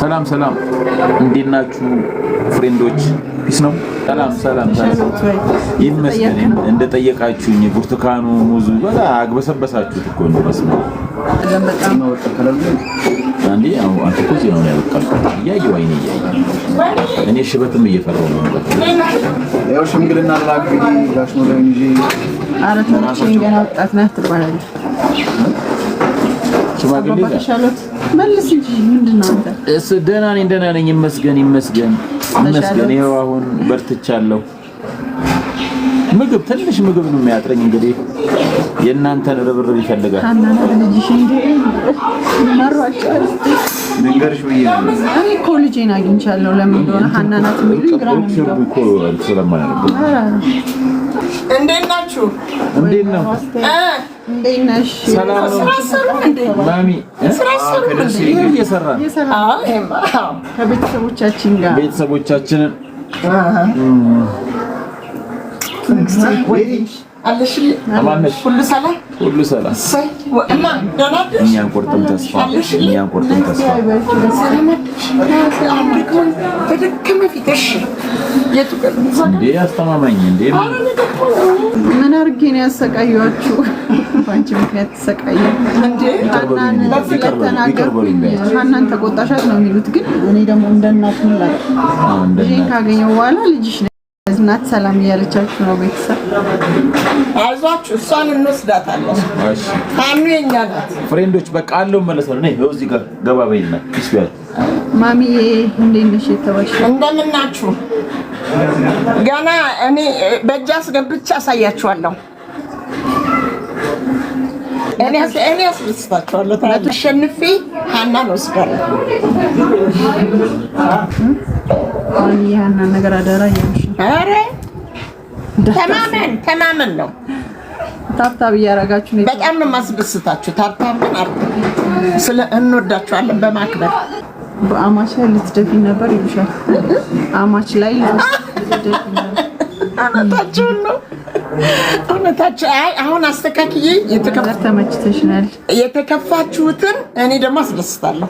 ሰላም ሰላም፣ እንዴት ናችሁ ፍሬንዶች? ፒስ ነው። ሰላም ሰላም ሰላም ይመስገን። እንደጠየቃችሁኝ ብርቱካኑ፣ ሙዙ በቃ አግበሰበሳችሁት እኮ ነው። በስመ ነው እኔ ሽበትም እየፈራሁ ነው። ያው ሽምግልና ላክ ዳሽ ነው ላይ ሽማግሌ መልስ እንጂ ምንድነው? እሱ ደህና ነኝ ደህና ነኝ። ይመስገን ይመስገን ይመስገን። ይኸው አሁን በርትቻለሁ። ምግብ ትንሽ ምግብ ነው የሚያጥረኝ። እንግዲህ የእናንተን ርብርብ ይፈልጋል። እኔ እኮ ልጄን አግኝቻለሁ። ለምን እንደሆነ ሀና የሚሉኝ ግራ ነው እንዴት ናችሁ? እንዴት ነው? ከቤተሰቦቻችን ቤተሰቦቻችንን ሁሉ ሰላም ሁሉ ሰላም። እኛ ቁርጥም ተስፋ አስተማማኝ እንዴ ምን አድርጌ ነው ምክንያት ተሰቃየ ተቆጣሻት ነው የሚሉት፣ ግን እኔ ደግሞ እንደ እናት በኋላ ልጅሽ ናት ሰላም እያለቻችሁ ነው። ቤተሰብ አይዟችሁ፣ እሷን እንወስዳታለን። ታኑ የኛ ናት። ፍሬንዶች በቃ አለው መለሰው ነው። ይሄው እዚህ ጋር ገባ በይና ይስቢያል። ማሚዬ እንዴት ነሽ? የተባሽ እንደምናችሁ። ገና እኔ በእጅ አስገብቼ አሳያችኋለሁ። እኔ እኔ አስደስታችኋለሁ። አሸንፌ ሀናን ወስዳለሁ። አሁን የሀናን ነገር አደራ እያልሽ ኧረ ተማመን ተማመን ነው። ታብታብ እያደረጋችሁ ነው። በጣም ነው የማስደስታችሁ። ታብታብ ስለ እንወዳችኋለን በማክበር በአማች ላይ ልትደፊን ነበር ይሉሻል። አማች ላይ እውነታችሁን ነው። እውነታችሁ አይ አሁን አስተካክዬ የተከፋችሁትን እኔ ደግሞ አስደስታለሁ።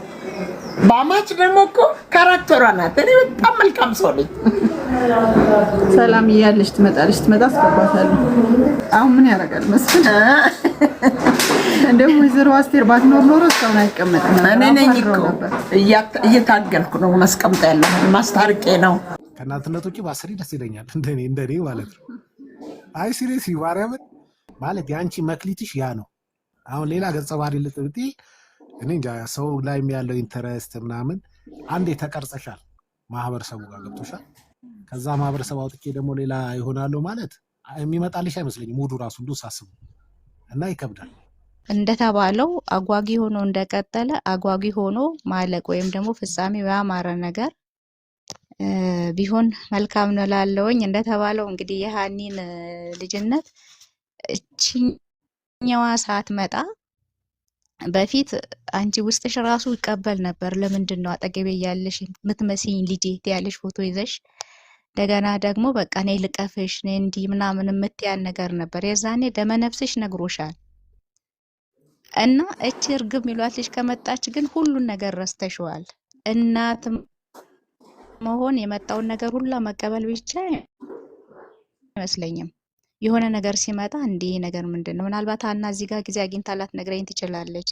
ማማች ደግሞ እኮ ካራክተሯ ናት። እኔ በጣም መልካም ሰው ነኝ። ሰላም እያለች ትመጣለች። ትመጣ አስገባታለሁ። አሁን ምን ያደርጋል መሰለህ እንደውም ወይዘሮ አስቴር ባትኖር ኖሮ እስካሁን አይቀመጥም። እኔ ነኝ እኮ እየታገልኩ ነው። ማስቀምጥ ያለ ማስታርቄ ነው። ከእናትነት ውጭ ባስሪ ደስ ይለኛል። እንደኔ እንደኔ ማለት ነው። አይ ሲሪየስ ማርያምን ማለት የአንቺ መክሊትሽ ያ ነው። አሁን ሌላ ገጸ ባህሪ ልጥብጤ እኔ እንጃ ሰው ላይ ያለው ኢንተረስት ምናምን አንዴ ተቀርጸሻል፣ ማህበረሰቡ ጋር ገብቶሻል። ከዛ ማህበረሰብ አውጥቼ ደግሞ ሌላ ይሆናሉ ማለት የሚመጣልሽ አይመስለኝም። ሙዱ ራሱ እንዱ ሳስቡ እና ይከብዳል። እንደተባለው አጓጊ ሆኖ እንደቀጠለ አጓጊ ሆኖ ማለቅ ወይም ደግሞ ፍጻሜ ያማረ ነገር ቢሆን መልካም ነው ላለውኝ። እንደተባለው እንግዲህ የሀኒን ልጅነት እችኛዋ ሰዓት መጣ በፊት አንቺ ውስጥሽ ራሱ ይቀበል ነበር። ለምንድን ነው አጠገቤ ያለሽ ምትመስኝ ልጄ ያለሽ ፎቶ ይዘሽ እንደገና ደግሞ በቃ እኔ ልቀፍሽ እኔ እንዲህ ምናምን የምትያን ነገር ነበር። የዛኔ ደመነፍስሽ ነግሮሻል። እና እቺ እርግብ የሚሏት ልጅ ከመጣች ግን ሁሉን ነገር ረስተሽዋል። እናት መሆን የመጣውን ነገር ሁላ መቀበል ብቻ አይመስለኝም። የሆነ ነገር ሲመጣ እንዲህ ነገር ምንድን ነው? ምናልባት ሀና እዚህ ጋር ጊዜ አግኝታላት ነግረኝ ትችላለች።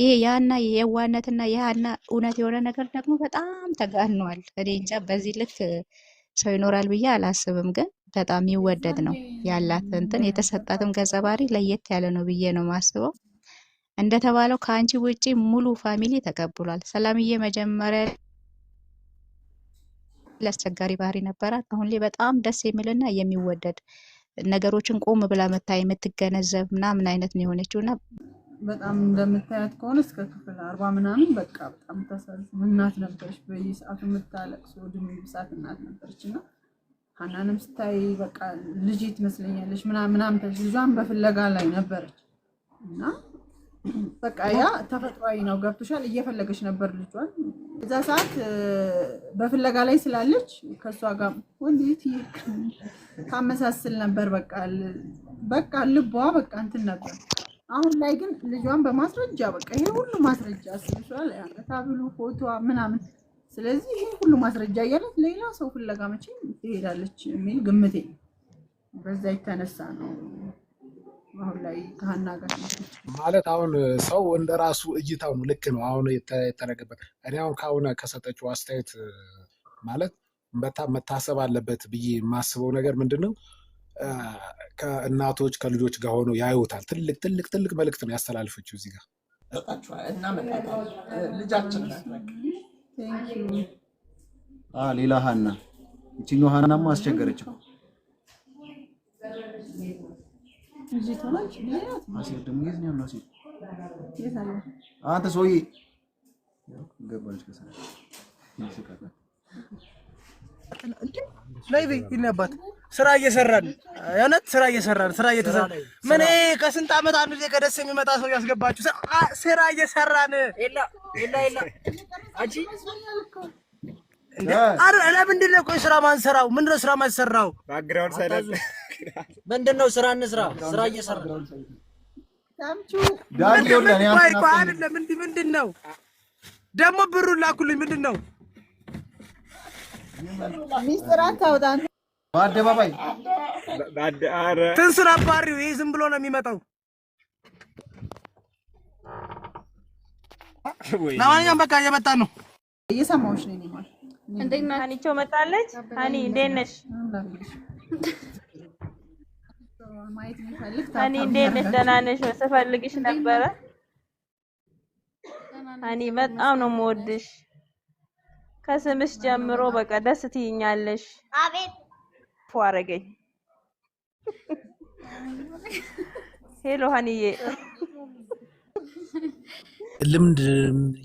ይሄ ያና የዋነትና ያና እውነት የሆነ ነገር ደግሞ በጣም ተጋኗል። እኔ እንጃ በዚህ ልክ ሰው ይኖራል ብዬ አላስብም፣ ግን በጣም ይወደድ ነው ያላት እንትን የተሰጣትም ገጸ ባህሪ ለየት ያለ ነው ብዬ ነው ማስበው። እንደተባለው ከአንቺ ውጪ ሙሉ ፋሚሊ ተቀብሏል። ሰላምዬ መጀመሪያ ለአስቸጋሪ ባህሪ ነበራት። አሁን ላይ በጣም ደስ የሚልና የሚወደድ ነገሮችን ቆም ብላ መታ የምትገነዘብ ምናምን አይነት ነው የሆነችው እና በጣም እንደምታያት ከሆነ እስከ ክፍል አርባ ምናምን በቃ በጣም ተሰልፍ እናት ነበረች። በየሰዓቱ የምታለቅሶ ወድሜ ብሳት እናት ነበረች እና ሀናንም ስታይ በቃ ልጅ ትመስለኛለች ምናምን ምናምን ልጇን በፍለጋ ላይ ነበረች እና በቃ ያ ተፈጥሯዊ ነው። ገብቶሻል። እየፈለገች ነበር ልጇን እዛ ሰዓት በፍለጋ ላይ ስላለች ከእሷ ጋር ወንዲት ታመሳስል ነበር። በቃ በቃ ልቧ በቃ እንትን ነበር። አሁን ላይ ግን ልጇን በማስረጃ በቃ ይሄ ሁሉ ማስረጃ ስልሷል፣ ታብሉ ፎቶ ምናምን። ስለዚህ ይሄ ሁሉ ማስረጃ እያለት ሌላ ሰው ፍለጋ መቼም ትሄዳለች የሚል ግምቴ በዛ የተነሳ ነው። አሁን ላይ ከሀና ጋር ማለት አሁን ሰው እንደ ራሱ እይታው ነው። ልክ ነው። አሁን የተደረገበት እኔ አሁን ከአሁን ከሰጠችው አስተያየት ማለት በጣም መታሰብ አለበት ብዬ የማስበው ነገር ምንድን ነው ከእናቶች ከልጆች ጋር ሆነው ያዩታል። ትልቅ ትልቅ ትልቅ መልእክት ነው ያስተላልፈችው እዚህ ጋር ሌላ ሀና ይችኛው ሀናማ አስቸገረችው። አሴር ደግሞ የት ነው ያለው? አሴር አንተ ሰውዬ ገባለች ላይ ይነባት ስራ እየሰራን የእውነት ስራ እየሰራን ስራ እየተሰራ ምን ከስንት ዓመት አንድ ጊዜ ከደስ የሚመጣ ሰው ያስገባችሁ ስራ እየሰራን ለምንድን ነው ስራ ማንሰራው ምንድን ነው ስራ ማንሰራው ምንድን ነው ስራ እንስራ። ስራ እየሰራ አይደለም። እንዲህ ምንድን ነው ደግሞ ላኩልኝ። ምንድን ነው በአደባባይ ትንሱን አባሪው ይህ ዝም ብሎ ነው የሚመጣው። ለማንኛውም በቃ እየመጣ ነው። እየሰማሁሽ ነው። እንዴት መጣለች። እኔ እንዴት ነሽ? እኔ እንዴት ነሽ? ደህና ነሽ? ስፈልግሽ ነበረ። እኔ በጣም ነው የምወድሽ። ከስምሽ ጀምሮ በቃ ደስ ትይኛለሽ። አቤት አረገኝ። ሄሎ ሀኒዬ፣ ልምድ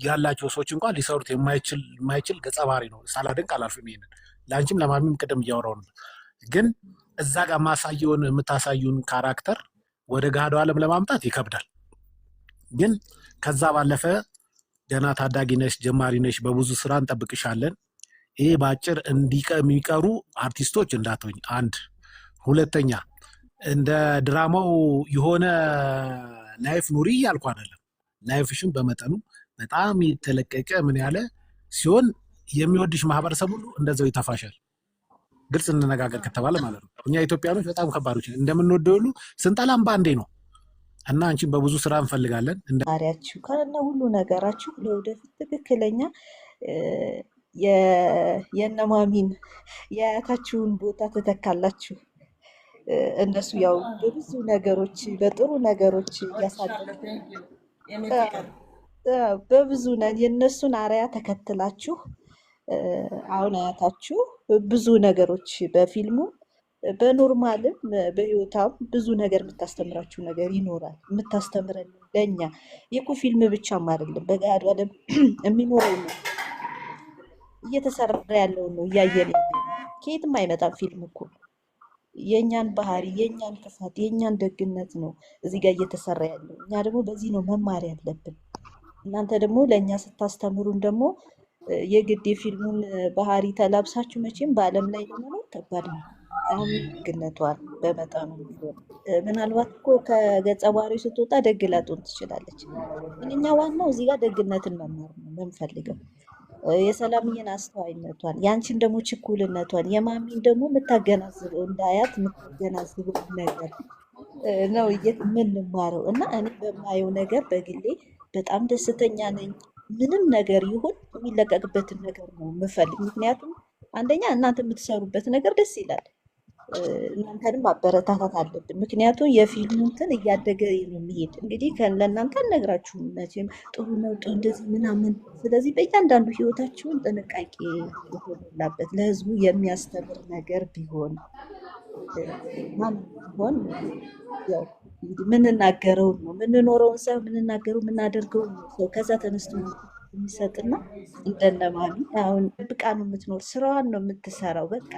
ያላቸው ሰዎች እንኳን ሊሰሩት የማይችል ገጸ ባህሪ ነው። ሳላደንቅ አላልፍም። ይሄንን ለአንቺም ለማሚም ቅድም እያወራሁ ነው ግን እዛ ጋር ማሳየውን የምታሳዩን ካራክተር ወደ ገሃዱ ዓለም ለማምጣት ይከብዳል። ግን ከዛ ባለፈ ገና ታዳጊ ነሽ፣ ጀማሪ ነሽ፣ በብዙ ስራ እንጠብቅሻለን። ይሄ በአጭር የሚቀሩ አርቲስቶች እንዳትሆኝ። አንድ ሁለተኛ፣ እንደ ድራማው የሆነ ላይፍ ኑሪ እያልኩ አይደለም። ላይፍሽም በመጠኑ በጣም የተለቀቀ ምን ያለ ሲሆን የሚወድሽ ማህበረሰብ ሁሉ እንደዛው ይተፋሻል። ግልጽ እንነጋገር ከተባለ ማለት ነው እኛ ኢትዮጵያኖች በጣም ከባዶች እንደምንወደው ሁሉ ስንጠላም በአንዴ ነው እና አንቺን በብዙ ስራ እንፈልጋለን። ባህሪያችሁ ከነ ሁሉ ነገራችሁ ለወደፊት ትክክለኛ የነማሚን የአያታችሁን ቦታ ትተካላችሁ። እነሱ ያው በብዙ ነገሮች በጥሩ ነገሮች እያሳደጉ በብዙ የእነሱን አርያ ተከትላችሁ አሁን አያታችሁ ብዙ ነገሮች በፊልሙም በኖርማልም በህይወታም ብዙ ነገር የምታስተምራችሁ ነገር ይኖራል። የምታስተምረን ለእኛ የኮ ፊልም ብቻም አይደለም፣ በገሃዱ ዓለም የሚኖረው ነው እየተሰራ ያለውን ነው እያየን። ከየትም አይመጣም ፊልም እኮ የእኛን ባህሪ፣ የእኛን ክፋት፣ የእኛን ደግነት ነው እዚህ ጋር እየተሰራ ያለው። እኛ ደግሞ በዚህ ነው መማር ያለብን። እናንተ ደግሞ ለእኛ ስታስተምሩን ደግሞ የግድ የፊልሙን ባህሪ ተላብሳችሁ መቼም በዓለም ላይ ለመኖር ከባድ ነው። አሁን ግነቷል በመጠኑ ምናልባት እኮ ከገጸ ባህሪ ስትወጣ ደግ ላጡን ትችላለች። እኛ ዋናው እዚህ ጋር ደግነትን መማር ነው የምንፈልገው። የሰላምዬን አስተዋይነቷን፣ የአንቺን ደግሞ ችኩልነቷን፣ የማሚን ደግሞ የምታገናዝበው እንዳያት የምታገናዝበው ነገር ነው የምንማረው እና እኔ በማየው ነገር በግሌ በጣም ደስተኛ ነኝ። ምንም ነገር ይሁን የሚለቀቅበትን ነገር ነው የምፈልግ። ምክንያቱም አንደኛ እናንተ የምትሰሩበት ነገር ደስ ይላል፣ እናንተንም ማበረታታት አለብን። ምክንያቱም የፊልሙ እንትን እያደገ ነው የሚሄድ እንግዲህ ለእናንተ አልነግራችሁም መቼም ጥሩ ነው ጥሩ እንደዚህ ምናምን። ስለዚህ በእያንዳንዱ ህይወታችሁን ጥንቃቄ የተሞላበት ለህዝቡ የሚያስተምር ነገር ቢሆን ማን ቢሆን ያው እንግዲህ ነው የምንኖረውን ሳይሆን የምንናገረው የምናደርገውን ነው። ከዛ ተነስቶ የሚሰጥና እንደነማሚ አሁን ብቃ ነው የምትኖር፣ ስራዋን ነው የምትሰራው። በቃ